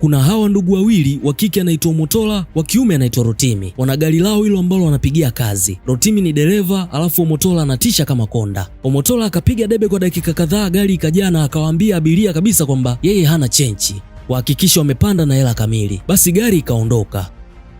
kuna hawa ndugu wawili, wa kike anaitwa Omotola, wa kiume anaitwa Rotimi. Wana gari lao hilo ambalo wanapigia kazi. Rotimi ni dereva, alafu Omotola anatisha kama konda. Omotola akapiga debe kwa dakika kadhaa, gari ikajaa na akawaambia abiria kabisa kwamba yeye hana chenchi, wahakikisha wamepanda na hela kamili. Basi gari ikaondoka.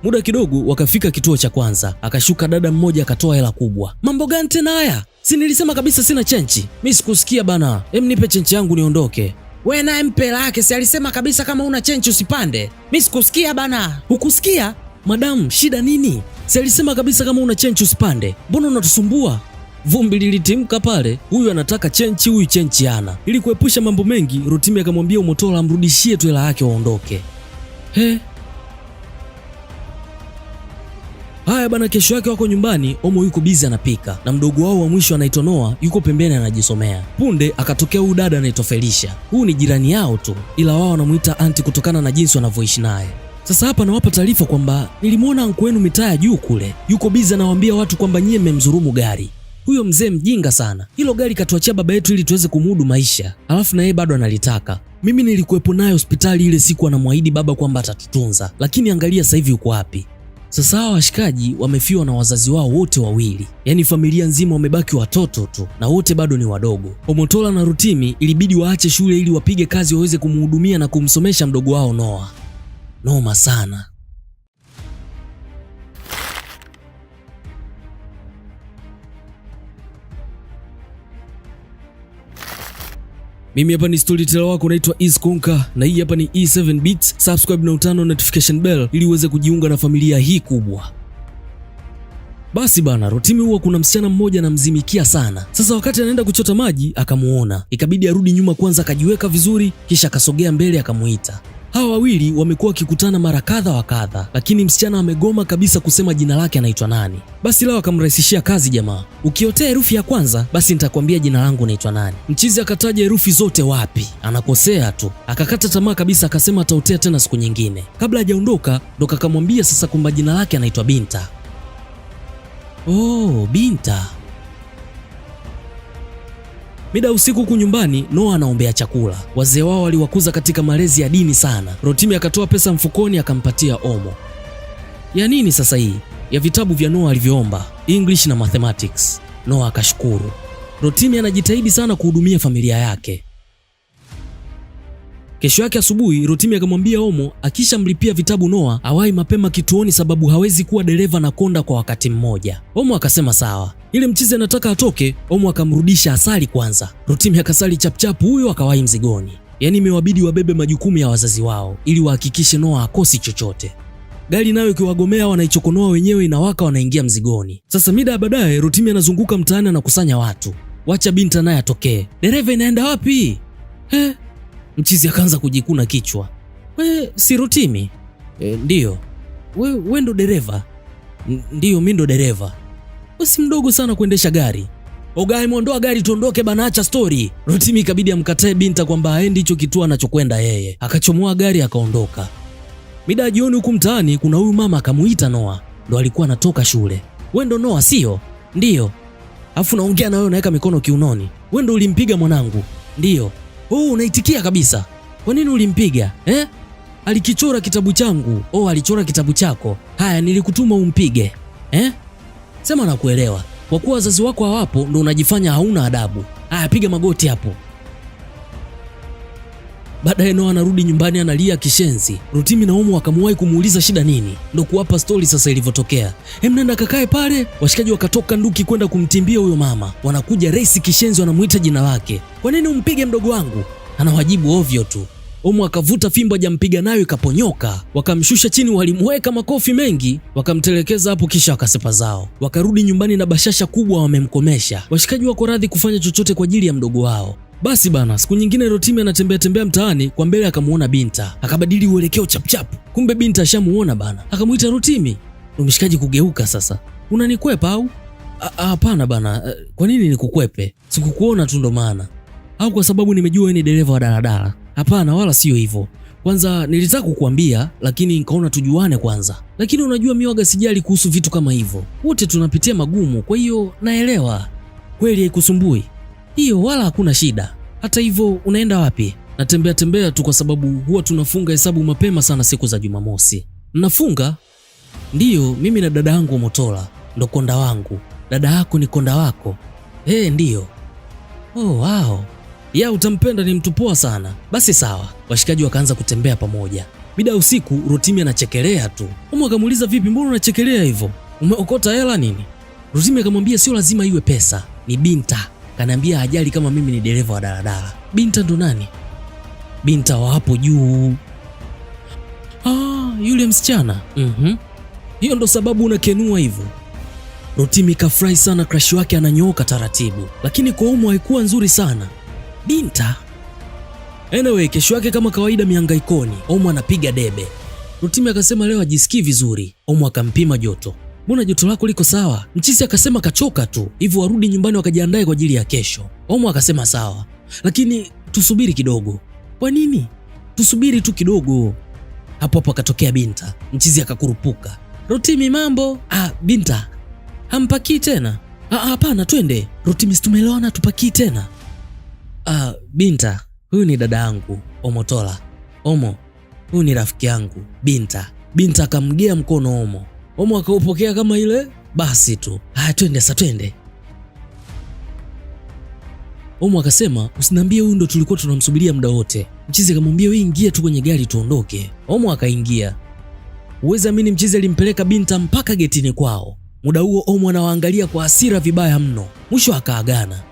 Muda kidogo wakafika kituo cha kwanza, akashuka dada mmoja akatoa hela kubwa. Mambo gani tena haya? Si nilisema kabisa sina chenchi. Mi sikusikia bana, em nipe chenchi yangu niondoke. We naye mpela yake, si alisema kabisa kama una chenchi usipande. Mi sikusikia bana. Hukusikia madamu? Shida nini? Si alisema kabisa kama una chenchi usipande, mbona unatusumbua? Vumbi lilitimka pale, huyu anataka chenchi, huyu chenchi ana. Ili kuepusha mambo mengi, Rotimi akamwambia Umotola amrudishie tu hela yake waondoke. He, Haya bana, kesho yake wako nyumbani, Omo yuko bizi anapika na mdogo wao wa mwisho anaitwa Noa yuko pembeni anajisomea. Punde akatokea huyu dada anaitwa Felisha. ni jirani yao tu, ila wao wanamuita anti kutokana na jinsi wanavyoishi naye. Sasa hapa nawapa taarifa kwamba nilimwona anko wenu mitaa ya juu kule, yuko bizi anawaambia watu kwamba nyie mmemdhulumu gari. Huyo mzee mjinga sana, hilo gari katuachia baba yetu ili tuweze kumudu maisha, alafu na yeye bado analitaka. Mimi nilikuwepo naye hospitali ile siku, anamwahidi baba kwamba atatutunza, lakini angalia sasa hivi yuko wapi. Sasa hawa washikaji wamefiwa na wazazi wao wote wawili, yaani familia nzima wamebaki watoto tu na wote bado ni wadogo. Omotola na Rutimi ilibidi waache shule ili wapige kazi waweze kumhudumia na kumsomesha mdogo wao Noa. Noma sana. Mimi hapa ni storyteller wako naitwa Iz na hii hapa ni E7 Bits. Subscribe na utano notification bell ili uweze kujiunga na familia hii kubwa. Basi bana, Rotimi huwa kuna msichana mmoja anamzimikia sana. Sasa wakati anaenda kuchota maji akamuona, ikabidi arudi nyuma kwanza akajiweka vizuri, kisha akasogea mbele akamuita. Hawa wawili wamekuwa wakikutana mara kadha wa kadha, lakini msichana amegoma kabisa kusema jina lake anaitwa nani. Basi leo akamrahisishia kazi jamaa, ukiotea herufi ya kwanza basi nitakwambia jina langu naitwa nani. Mchizi akataja herufi zote, wapi, anakosea tu. Akakata tamaa kabisa, akasema ataotea tena siku nyingine. Kabla hajaondoka, ndo kakamwambia sasa kwamba jina lake anaitwa Binta. Oh, Binta Mida usiku huku nyumbani, Noah anaombea chakula. Wazee wao waliwakuza katika malezi ya dini sana. Rotimi akatoa pesa mfukoni akampatia Omo. Ya nini sasa hii? Ya vitabu vya Noah alivyoomba, English na Mathematics. Noah akashukuru. Rotimi anajitahidi sana kuhudumia familia yake. Kesho yake asubuhi, Rotimi akamwambia Omo akishamlipia vitabu Noah awahi mapema kituoni, sababu hawezi kuwa dereva na konda kwa wakati mmoja. Omo akasema sawa. Ili mchizi anataka atoke, Omu akamrudisha Asali kwanza. Rutimi akasali chapchapu huyo akawahi mzigoni. Yaani imewabidi wabebe majukumu ya wazazi wao ili wahakikishe Noa akosi chochote. Gari nayo ikiwagomea wanaichokonoa wenyewe, inawaka wanaingia mzigoni. Sasa mida ya baadaye, Rutimi anazunguka mtaani anakusanya watu, wacha binta naye atokee. Dereva, inaenda wapi? He, mchizi akaanza kujikuna kichwa. We si Rutimi? E, ndiyo. We, we ndo dereva? Ndiyo, mi ndo dereva. Usi mdogo sana kuendesha gari. Ogai muondoa gari tuondoke bana, acha story. Rotimi ikabidi amkatae Binta kwamba aende hicho kituo anachokwenda yeye. Akachomoa gari akaondoka. Mida jioni huku mtaani kuna huyu mama akamuita Noa. Ndo alikuwa anatoka shule. Wewe ndo Noa sio? Ndiyo. Afu naongea na wewe naweka mikono kiunoni. Wewe ndo ulimpiga mwanangu? Ndiyo. Oh, unaitikia kabisa. Kwa nini ulimpiga? Eh? Alikichora kitabu changu. Oh, alichora kitabu chako. Haya, nilikutuma umpige. Eh? sema nakuelewa. Kwa kuwa wazazi wako hawapo, ndo unajifanya hauna adabu. Aya, piga magoti hapo. Baadaye Noa anarudi nyumbani analia kishenzi. Rutimi na Omo akamuwahi kumuuliza shida nini, ndo kuwapa stori sasa ilivyotokea. Hem, nenda kakae pale. Washikaji wakatoka nduki kwenda kumtimbia huyo mama, wanakuja Reisi kishenzi, wanamuita jina lake. Kwa nini umpige mdogo wangu? Anawajibu ovyo tu. Omo akavuta fimbo ajampiga nayo ikaponyoka, wakamshusha chini, walimweka makofi mengi, wakamtelekeza hapo, kisha wakasepa zao, wakarudi nyumbani na bashasha kubwa, wamemkomesha. Washikaji wako radhi kufanya chochote kwa ajili ya mdogo wao. Basi bana, siku nyingine Rotimi anatembea tembea mtaani kwa mbele, akamuona Binta, akabadili uelekeo chapchap. Kumbe Binta ashamuona bana, akamwita Rotimi. Mshikaji kugeuka sasa, unanikwepa au? Hapana bana, eh, kwa nini nikukwepe? Sikukuona tu ndo maana au kwa sababu nimejua ni dereva wa daladala. Hapana, wala sio hivyo. Kwanza nilitaka kukuambia, lakini nikaona tujuane kwanza. Lakini unajua miwaga, sijali kuhusu vitu kama hivyo, wote tunapitia magumu, kwa hiyo naelewa. Kweli haikusumbui hiyo, wala hakuna shida. Hata hivyo, unaenda wapi? Natembea tembea tu, kwa sababu huwa tunafunga hesabu mapema sana siku za Jumamosi. Nafunga ndiyo, mimi na dada yangu Motola, ndo konda wangu. Dada yako ni konda wako? Eh, ndiyo. Oh, wow ya utampenda ni mtu poa sana. Basi sawa. Washikaji wakaanza kutembea pamoja. Mida ya usiku Rotimi anachekelea tu. Omo akamuuliza vipi, mbona unachekelea hivyo? Umeokota hela nini? Rotimi akamwambia sio lazima iwe pesa, ni Binta. Kanaambia ajali kama mimi ni dereva wa daladala. Binta ndo nani? Binta wa hapo juu. Ah, yule msichana. Mhm. Mm, hiyo ndo sababu unakenua hivyo. Rotimi kafurahi sana, crush wake ananyooka taratibu, lakini kwa Umu haikuwa nzuri sana. Binta. Anyway, kesho yake kama kawaida mihangaikoni, Omo anapiga debe. Rutimi akasema leo ajisikii vizuri. Omo akampima joto. Mbona joto lako liko sawa? Mchisi akasema kachoka tu, hivyo warudi nyumbani wakajiandae kwa ajili ya kesho. Omo akasema sawa, lakini tusubiri kidogo. Kwa nini? Tusubiri tu kidogo. Hapo hapo akatokea Binta. Mchizi akakurupuka. Rutimi, mambo? Ah, Binta, hampakii tena? Ah, ah hapana, twende. Rutimi, tumeelewana tupakii tena? Uh, Binta, huyu ni dada yangu Omotola. Omo, huyu ni rafiki yangu Binta. Binta akamgea mkono Omo. Omo akaupokea kama ile basi tu. Haya, twende sasa, twende. Omo akasema usiniambie huyu ndo tulikuwa tunamsubiria muda wote. Mchizi akamwambia wewe ingia tu kwenye gari tuondoke. Omo akaingia. Uweza amini, mchizi alimpeleka Binta mpaka getini kwao. Muda huo Omo anawaangalia kwa hasira vibaya mno, mwisho akaagana.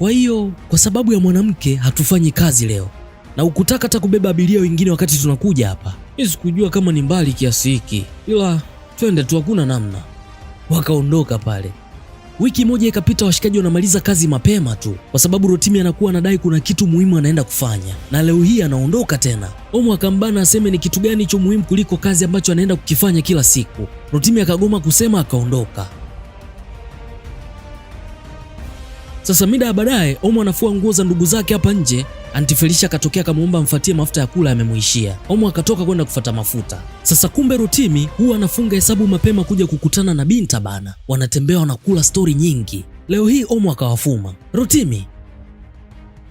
Kwa hiyo kwa sababu ya mwanamke hatufanyi kazi leo, na ukutaka hata kubeba abiria wengine wakati tunakuja hapa. Mi sikujua kama ni mbali kiasi hiki, ila twende tu, hakuna namna. Wakaondoka pale. Wiki moja ikapita, washikaji wanamaliza kazi mapema tu, kwa sababu Rotimi anakuwa anadai kuna kitu muhimu anaenda kufanya, na leo hii anaondoka tena. Omu akambana aseme ni kitu gani hicho muhimu kuliko kazi ambacho anaenda kukifanya kila siku. Rotimi akagoma kusema, akaondoka. Sasa mida ya baadaye, Omo anafua nguo za ndugu zake hapa nje. Anti Felicia akatokea akamwomba amfuatie mafuta ya kula yamemuishia. Omo akatoka kwenda kufuata mafuta. Sasa kumbe Rutimi huwa anafunga hesabu mapema kuja kukutana na Binta bana, wanatembea wanakula stori nyingi. Leo hii Omo akawafuma Rutimi.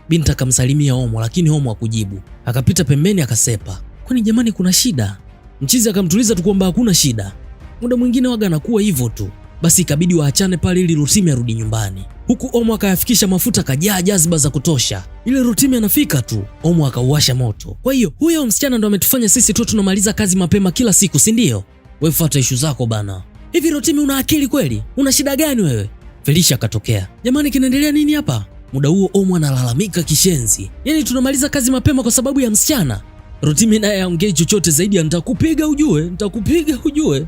Binta akamsalimia Omo lakini Omo hakujibu, akapita pembeni akasepa. Kwani jamani, kuna shida? Mchizi akamtuliza tu kwamba hakuna shida. Muda mwingine waga anakuwa hivyo tu basi ikabidi waachane pale ili Rutimi arudi nyumbani. Huku Omo akayafikisha mafuta kajaa jaziba za kutosha. Ile Rutimi anafika tu, Omo akauwasha moto. Kwa hiyo huyo msichana ndo ametufanya sisi tu tunamaliza kazi mapema kila siku, si ndio? Wewe fuata ishu zako bana. Hivi Rutimi, una akili kweli? Una shida gani wewe? Felicia akatokea. Jamani, kinaendelea nini hapa? Muda huo Omo analalamika kishenzi, yaani tunamaliza kazi mapema kwa sababu ya msichana. Rutimi naye aongei chochote zaidi ya nitakupiga ujue, nitakupiga ujue.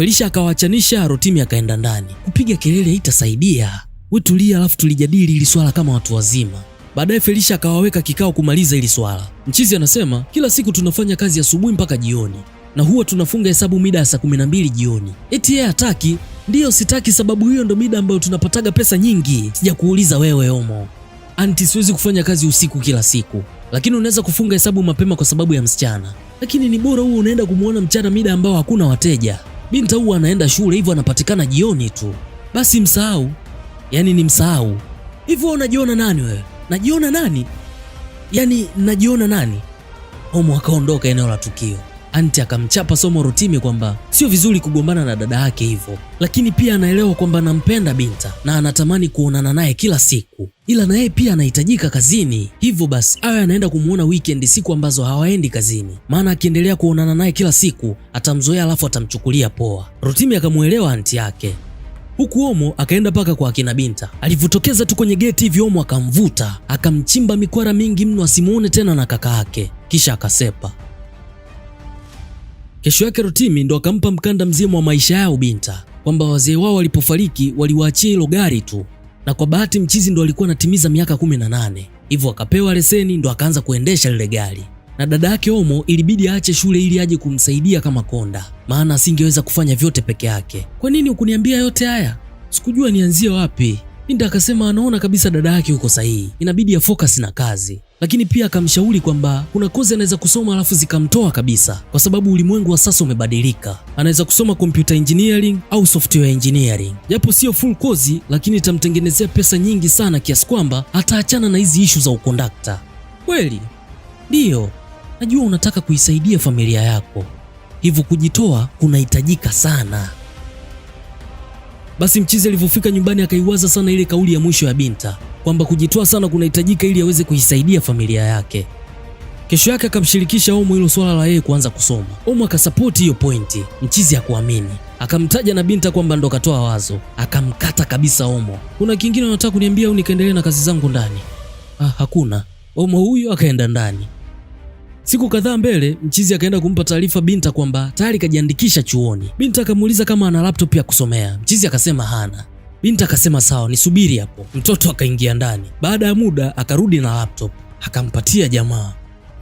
Felicia akawachanisha, Rotimi akaenda ndani. Kupiga kelele itasaidia we tulia, alafu tulijadili ili swala kama watu wazima. Baadaye Felicia akawaweka kikao kumaliza ili swala. Mchizi anasema kila siku tunafanya kazi asubuhi mpaka jioni na huwa tunafunga hesabu mida ya saa 12 jioni. Eti yeye hataki? Ndiyo, sitaki, sababu hiyo ndo mida ambayo tunapataga pesa nyingi. Sijakuuliza wewe Omo. Anti, siwezi kufanya kazi usiku kila siku, lakini unaweza kufunga hesabu mapema kwa sababu ya msichana, lakini ni bora huo unaenda kumwona mchana mida ambao hakuna wateja. Binta huwa anaenda shule hivyo anapatikana jioni tu, basi msahau, yaani ni msahau hivyo. Unajiona nani wewe? Najiona nani? Yaani najiona nani? Omo akaondoka eneo la tukio. Anti akamchapa somo Rotimi kwamba sio vizuri kugombana na dada yake hivyo, lakini pia anaelewa kwamba anampenda Binta na anatamani kuonana naye kila siku, ila na yeye pia anahitajika kazini. Hivyo basi awe anaenda kumuona weekend, siku ambazo hawaendi kazini, maana akiendelea kuonana naye kila siku atamzoea, alafu atamchukulia poa. Rotimi akamuelewa anti yake huku Omo akaenda mpaka kwa akina Binta. Alivyotokeza tu kwenye geti hivi, Omo akamvuta akamchimba mikwara mingi mno asimuone tena na kaka yake, kisha akasepa. Kesho yake Rotimi ndo akampa mkanda mzima wa maisha yao Binta, kwamba wazee wao walipofariki waliwaachia hilo gari tu, na kwa bahati mchizi ndo alikuwa anatimiza miaka 18, hivyo akapewa leseni ndo akaanza kuendesha lile gari na dada yake Omo ilibidi aache shule ili aje kumsaidia kama konda, maana asingeweza kufanya vyote peke yake. Kwa nini hukuniambia yote haya? Sikujua nianzie wapi. Linda akasema anaona kabisa dada yake yuko sahihi, inabidi ya na kazi, lakini pia akamshauri kwamba kuna kozi anaweza kusoma alafu zikamtoa kabisa, kwa sababu ulimwengu wa sasa umebadilika. Anaweza kusoma computer engineering au software engineering, japo sio full kozi, lakini itamtengenezea pesa nyingi sana kiasi kwamba ataachana na hizi ishu za ukondakta. Kweli ndiyo, najua unataka kuisaidia familia yako, hivyo kujitoa kunahitajika sana. Basi Mchizi alivyofika nyumbani akaiwaza sana ile kauli ya mwisho ya Binta kwamba kujitoa sana kunahitajika ili aweze kuisaidia familia yake. Kesho yake akamshirikisha Omo hilo swala la yeye kuanza kusoma. Omo akasapoti hiyo pointi, Mchizi hakuamini, akamtaja na Binta kwamba ndo katoa wazo, akamkata kabisa Omo. Kuna kingine unataka kuniambia au nikaendelee na kazi zangu ndani? Ah, hakuna. Omo huyo akaenda ndani. Siku kadhaa mbele, mchizi akaenda kumpa taarifa Binta kwamba tayari kajiandikisha chuoni. Binta akamuuliza kama ana laptop ya kusomea, mchizi akasema hana. Binta akasema sawa, nisubiri hapo. Mtoto akaingia ndani. Baada ya muda akarudi na laptop akampatia jamaa.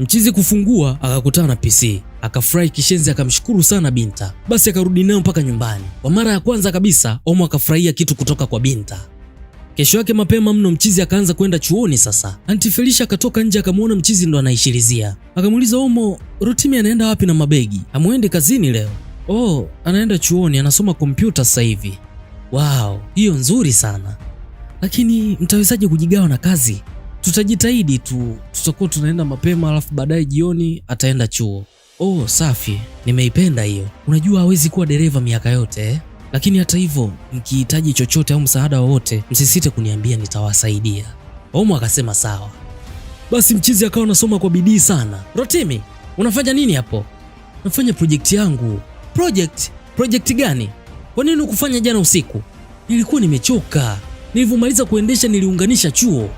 Mchizi kufungua akakutana na PC, akafurahi kishenzi, akamshukuru sana Binta. Basi akarudi nayo mpaka nyumbani. Kwa mara ya kwanza kabisa, Omo akafurahia kitu kutoka kwa Binta. Kesho yake mapema mno mchizi akaanza kwenda chuoni. Sasa Anti Felisha akatoka nje akamwona mchizi ndo anaishirizia, akamuuliza Omo, Rotimi anaenda wapi na mabegi? Amwende kazini leo? Oh, anaenda chuoni, anasoma kompyuta sasa hivi. Wow, hiyo nzuri sana, lakini mtawezaje kujigawa na kazi? Tutajitahidi tu, tutakuwa tunaenda mapema, alafu baadaye jioni ataenda chuo. Oh, safi, nimeipenda hiyo. Unajua hawezi kuwa dereva miaka yote eh? Lakini hata hivyo, mkihitaji chochote au msaada wowote, msisite kuniambia, nitawasaidia. Omo akasema sawa. Basi mchizi akawa anasoma kwa bidii sana. Rotimi, unafanya nini hapo? Nafanya projekti yangu. Project? Projekti gani? Kwa nini ukufanya jana usiku? Nilikuwa nimechoka, nilivyomaliza kuendesha niliunganisha chuo.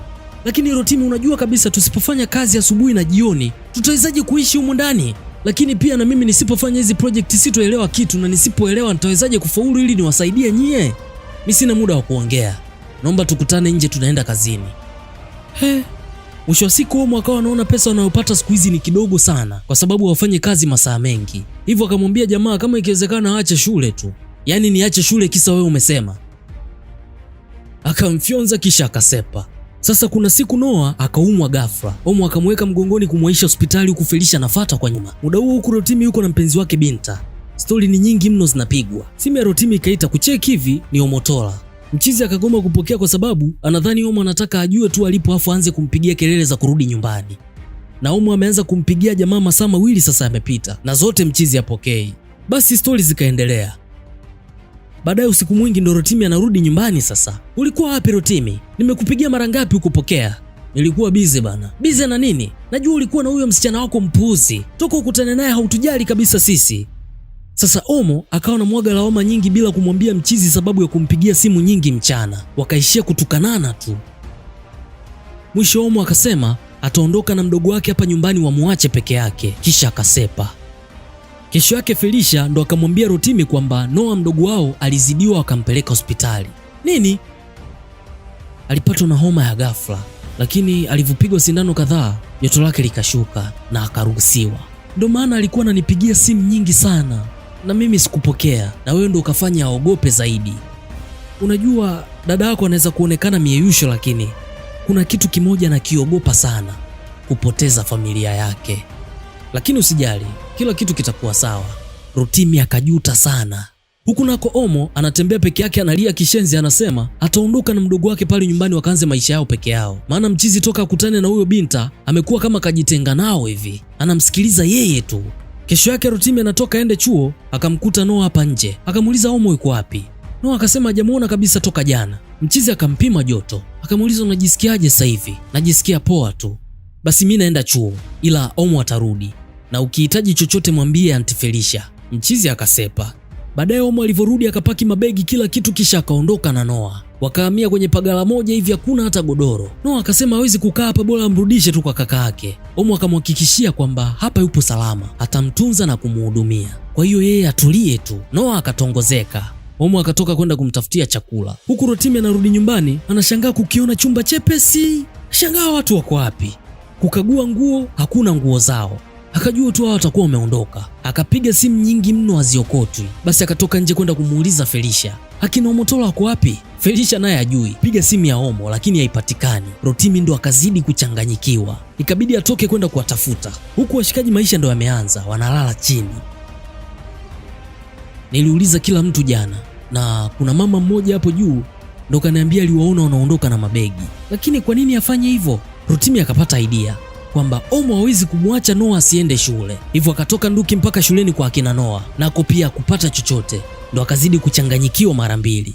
Lakini Rotimi, unajua kabisa tusipofanya kazi asubuhi na jioni, tutawezaje kuishi humu ndani? lakini pia na mimi nisipofanya hizi project sitoelewa kitu, na nisipoelewa nitawezaje kufaulu ili niwasaidie nyie? Mimi sina muda wa kuongea, naomba tukutane nje, tunaenda kazini. He, mwisho wa siku wao mwaka wanaona pesa wanayopata siku hizi ni kidogo sana, kwa sababu wafanye kazi masaa mengi. Hivyo akamwambia jamaa kama ikiwezekana aache shule tu, yaani niache shule kisa wewe umesema. Akamfyonza kisha akasepa. Sasa kuna siku Noa akaumwa ghafla. Omo akamweka mgongoni kumwaisha hospitali huku Felicia anafata kwa nyuma. Muda huo huku Rotimi yuko na mpenzi wake Binta. Stori ni nyingi mno zinapigwa. Simu ya Rotimi ikaita kucheki hivi ni Omotola. Mchizi akagoma kupokea kwa sababu anadhani Omo anataka ajue tu alipo afu aanze kumpigia kelele za kurudi nyumbani. Na Omo ameanza kumpigia jamaa masaa mawili sasa yamepita na zote mchizi apokei. Basi stori zikaendelea. Baadaye usiku mwingi ndo Rotimi anarudi nyumbani. Sasa ulikuwa wapi Rotimi? Nimekupigia mara ngapi ukupokea? Nilikuwa bize bana. Bize na nini? Najua ulikuwa na huyo msichana wako mpuuzi, toka ukutane naye hautujali kabisa sisi. Sasa Omo akawa na mwaga lawama nyingi bila kumwambia mchizi sababu ya kumpigia simu nyingi mchana, wakaishia kutukanana tu. Mwisho Omo akasema ataondoka na mdogo wake hapa nyumbani, wamuache peke yake, kisha akasepa. Kesho yake Felicia ndo akamwambia Rotimi kwamba Noah mdogo wao alizidiwa, akampeleka hospitali nini, alipatwa na homa ya ghafla, lakini alivyopigwa sindano kadhaa joto lake likashuka na akaruhusiwa. Ndo maana alikuwa ananipigia simu nyingi sana na mimi sikupokea, na wewe ndo ukafanya aogope zaidi. Unajua dada yako anaweza kuonekana mieyusho, lakini kuna kitu kimoja kiogopa sana, kupoteza familia yake. Lakini usijali, kila kitu kitakuwa sawa. Rotimi akajuta sana. Huku nako Omo anatembea peke yake, analia kishenzi, anasema ataondoka na mdogo wake pale nyumbani, wakaanze maisha yao peke yao, maana mchizi toka akutane na huyo binta amekuwa kama kajitenga nao hivi, anamsikiliza yeye tu. Kesho yake Rotimi anatoka ende chuo, akamkuta Noa hapa nje, akamuuliza Omo yuko wapi. Noa akasema hajamuona kabisa toka jana. Mchizi akampima joto, akamuuliza unajisikiaje sasa hivi? Najisikia poa tu. Basi mi naenda chuo, ila Omo atarudi na ukihitaji chochote mwambie Aunt Felicia. Mchizi akasepa. Baadaye Omo alivyorudi akapaki mabegi kila kitu, kisha akaondoka na Noa wakahamia kwenye pagala moja hivi, hakuna hata godoro. Noa akasema hawezi kukaa hapa, bora amrudishe tu kwa kaka yake. Omo akamhakikishia kwamba hapa yupo salama, atamtunza na kumuhudumia, kwa hiyo yeye atulie tu. Noa akatongozeka. Omo akatoka kwenda kumtafutia chakula, huku Rotimi anarudi nyumbani, anashangaa kukiona chumba chepesi. Shangaa watu wako wapi? Kukagua nguo, hakuna nguo zao akajua tu hao watakuwa wameondoka. Akapiga simu nyingi mno haziokotwi. Basi akatoka nje kwenda kumuuliza Felisha, akina Omotola wako wapi? Felisha naye ajui, piga simu ya Omo lakini haipatikani. Rotimi ndo akazidi kuchanganyikiwa, ikabidi atoke kwenda kuwatafuta. Huku washikaji maisha ndo yameanza, wanalala chini. Niliuliza kila mtu jana, na kuna mama mmoja hapo juu ndo kaniambia aliwaona wanaondoka na mabegi, lakini kwa nini afanye hivyo? Rotimi akapata idea kwamba Omo hawezi kumwacha Noah asiende shule, hivyo akatoka nduki mpaka shuleni kwa akina Noah, nako pia kupata chochote, ndo akazidi kuchanganyikiwa mara mbili.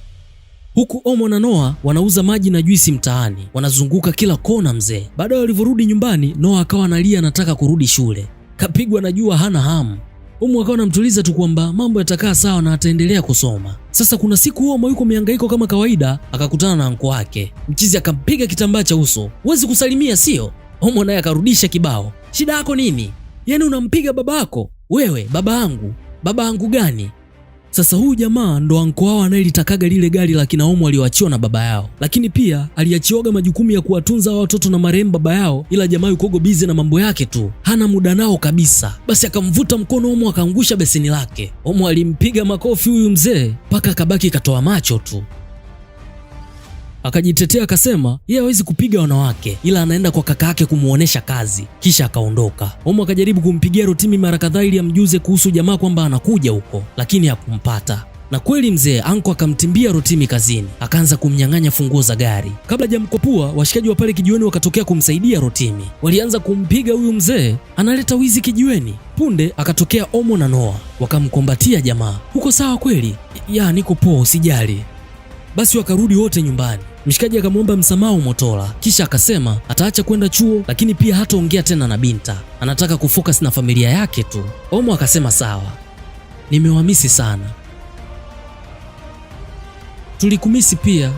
Huku Omo na Noah wanauza maji na juisi mtaani, wanazunguka kila kona mzee. Baadaye walivyorudi nyumbani, Noah akawa analia anataka kurudi shule, kapigwa na jua, hana hamu. Omo akawa anamtuliza tu kwamba mambo yatakaa sawa na ataendelea kusoma. Sasa kuna siku Omo yuko mihangaiko kama kawaida, akakutana na anko wake mchizi, akampiga kitambaa cha uso. Huwezi kusalimia, sio? Omo naye akarudisha kibao. Shida yako nini? Yaani unampiga babako wewe? Baba yangu baba yangu gani? Sasa huyu jamaa ndo anko wao anayelitakaga lile gari la kina Omo aliyoachiwa na baba yao, lakini pia aliachiwaga majukumu ya kuwatunza hao watoto na marehemu baba yao, ila jamaa yukogo bize na mambo yake tu, hana muda nao kabisa. Basi akamvuta mkono Omo akaangusha beseni lake. Omo alimpiga makofi huyu mzee mpaka akabaki katoa macho tu. Akajitetea akasema yeye hawezi kupiga wanawake, ila anaenda kwa kaka yake kumuonesha kazi, kisha akaondoka. Omo akajaribu kumpigia Rotimi mara kadhaa ili amjuze kuhusu jamaa kwamba anakuja huko, lakini hakumpata na kweli mzee anko akamtimbia Rotimi kazini, akaanza kumnyang'anya funguo za gari. Kabla jamkopua, washikaji wa pale kijiweni wakatokea kumsaidia Rotimi. Walianza kumpiga huyu mzee, analeta wizi kijiweni. Punde akatokea Omo na Noa wakamkombatia jamaa, huko sawa kweli ya, niko poa, usijali. Basi wakarudi wote nyumbani. Mshikaji akamwomba msamaha motola kisha akasema ataacha kwenda chuo, lakini pia hataongea tena na Binta, anataka kufocus na familia yake tu. Omo akasema sawa, nimewamisi sana, tulikumisi pia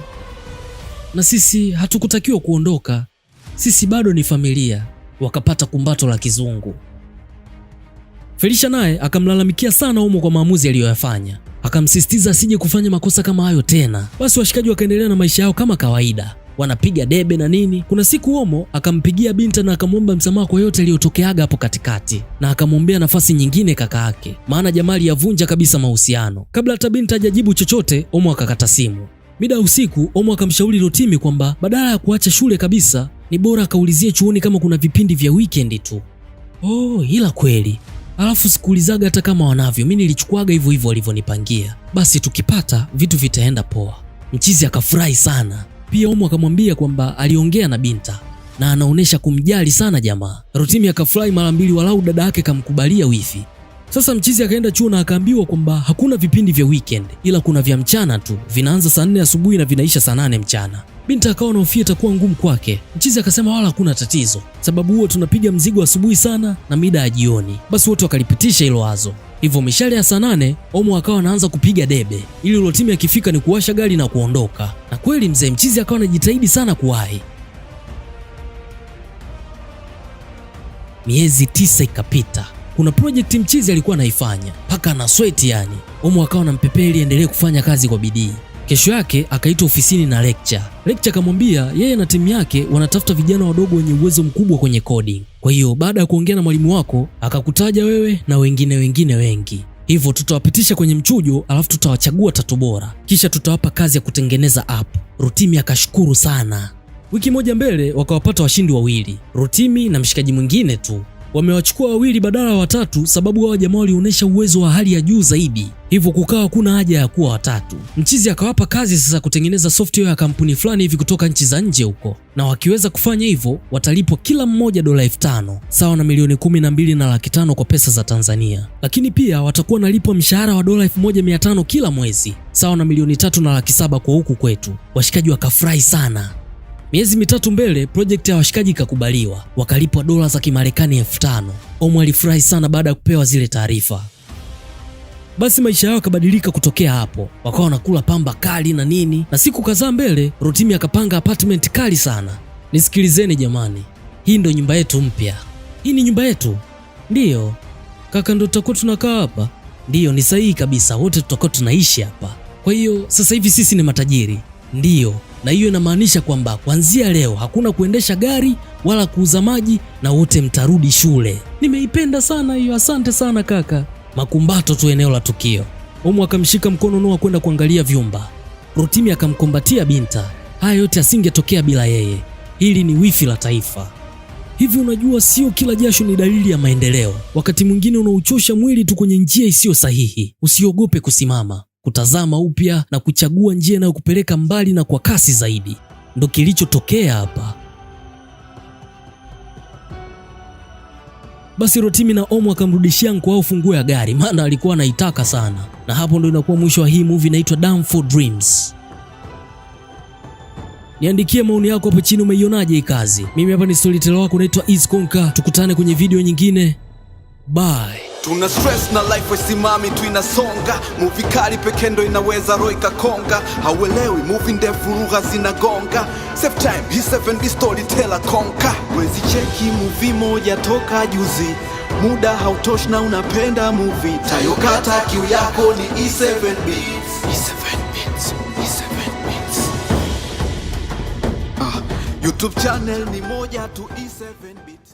na sisi hatukutakiwa kuondoka, sisi bado ni familia. Wakapata kumbato la kizungu. felisha naye akamlalamikia sana Omo kwa maamuzi aliyoyafanya akamsisitiza asije kufanya makosa kama hayo tena. Basi washikaji wakaendelea na maisha yao kama kawaida, wanapiga debe na nini. Kuna siku Omo akampigia Binta na akamwomba msamaha kwa yote aliyotokeaga hapo katikati, na akamwombea nafasi nyingine kaka yake, maana jamali yavunja kabisa mahusiano. Kabla hata Binta hajajibu chochote, Omo akakata simu. Mida usiku, Omo akamshauri Rotimi kwamba badala ya kuacha shule kabisa, ni bora akaulizie chuoni kama kuna vipindi vya wikendi tu. Oh, ila kweli alafu sikuulizaga hata kama wanavyo, mi nilichukuaga hivyo hivyo walivyonipangia, basi tukipata vitu vitaenda poa. Mchizi akafurahi sana pia. Umu akamwambia kwamba aliongea na Binta na anaonyesha kumjali sana jamaa. Rotimi akafurahi mara mbili, walau dada yake kamkubalia wifi. Sasa mchizi akaenda chuo na akaambiwa kwamba hakuna vipindi vya weekend, ila kuna vya mchana tu, vinaanza saa nne asubuhi na vinaisha saa nane mchana. Binta akawa anahofia itakuwa ngumu kwake. Mchizi akasema wala hakuna tatizo, sababu huo tunapiga mzigo asubuhi sana na mida ya jioni. Basi wote wakalipitisha hilo wazo. Hivyo mishale ya saa nane Omo akawa anaanza kupiga debe ili ulo timu akifika ni kuwasha gari na kuondoka. Na kweli mzee Mchizi akawa anajitahidi sana kuwahi. Miezi tisa ikapita. Kuna projekti Mchizi alikuwa anaifanya mpaka ana sweti yani. Omo akawa anampepea ili endelee kufanya kazi kwa bidii. Kesho yake akaitwa ofisini na Lecture. Lecture akamwambia yeye na timu yake wanatafuta vijana wadogo wenye uwezo mkubwa kwenye coding. Kwa hiyo baada ya kuongea na mwalimu wako akakutaja wewe na wengine wengine wengi hivyo tutawapitisha kwenye mchujo, alafu tutawachagua tatu bora, kisha tutawapa kazi ya kutengeneza app. Rutimi akashukuru sana. Wiki moja mbele wakawapata washindi wawili, Rutimi na mshikaji mwingine tu. Wamewachukua wawili badala ya watatu, sababu hawa jamaa walionyesha uwezo wa hali ya juu zaidi, hivyo kukawa kuna haja ya kuwa watatu. Mchizi akawapa kazi sasa kutengeneza software ya kampuni fulani hivi kutoka nchi za nje huko, na wakiweza kufanya hivyo watalipwa kila mmoja dola elfu tano sawa na milioni kumi na mbili na laki tano kwa pesa za Tanzania, lakini pia watakuwa nalipwa mshahara wa dola elfu moja mia tano kila mwezi sawa na milioni tatu na laki saba kwa huku kwetu. Washikaji wakafurahi sana Miezi mitatu mbele, projekti ya washikaji ikakubaliwa, wakalipwa dola za Kimarekani elfu tano. Omo alifurahi sana baada ya kupewa zile taarifa. Basi maisha yao yakabadilika kutokea hapo, wakawa wanakula pamba kali na nini, na siku kadhaa mbele Rotimi akapanga apartment kali sana. Nisikilizeni jamani, hii ndo nyumba yetu mpya. Hii ni nyumba yetu? Ndiyo kaka, ndo tutakuwa tunakaa hapa. Ndiyo, ni sahihi kabisa, wote tutakuwa tunaishi hapa. Kwa hiyo sasa hivi sisi ni matajiri. Ndiyo na hiyo inamaanisha kwamba kuanzia leo hakuna kuendesha gari wala kuuza maji na wote mtarudi shule. Nimeipenda sana hiyo, asante sana kaka. Makumbato tu eneo la tukio, Omu akamshika mkono Noa kwenda kuangalia vyumba. Rotimi akamkumbatia Binta. Haya yote asingetokea bila yeye. Hili ni wifi la taifa. Hivi unajua, sio kila jasho ni dalili ya maendeleo. Wakati mwingine unauchosha mwili tu kwenye njia isiyo sahihi. Usiogope kusimama kutazama upya na kuchagua njia inayokupeleka mbali na kwa kasi zaidi. Ndo kilichotokea hapa. Basi Rotimi na Omu akamrudishia Nkwao funguo ya gari, maana alikuwa anaitaka sana. Na hapo ndo inakuwa mwisho wa hii movie inaitwa Dumb for Dreams. Niandikie maoni yako hapo chini, umeionaje hii kazi? Mimi hapa ni storyteller wako, naitwa Iskonka. Tukutane kwenye video nyingine, bye tuna stress na life waisimami tu inasonga. Muvi kali pekee ndo inaweza roho ikakonga, hauelewi muvi ndefu lugha zinagonga. time 7B konka. Wezi cheki muvi moja toka juzi, muda hautosh na unapenda muvi tayokata. Kiu yako ni E7B e e ah, YouTube channel ni moja tu E7B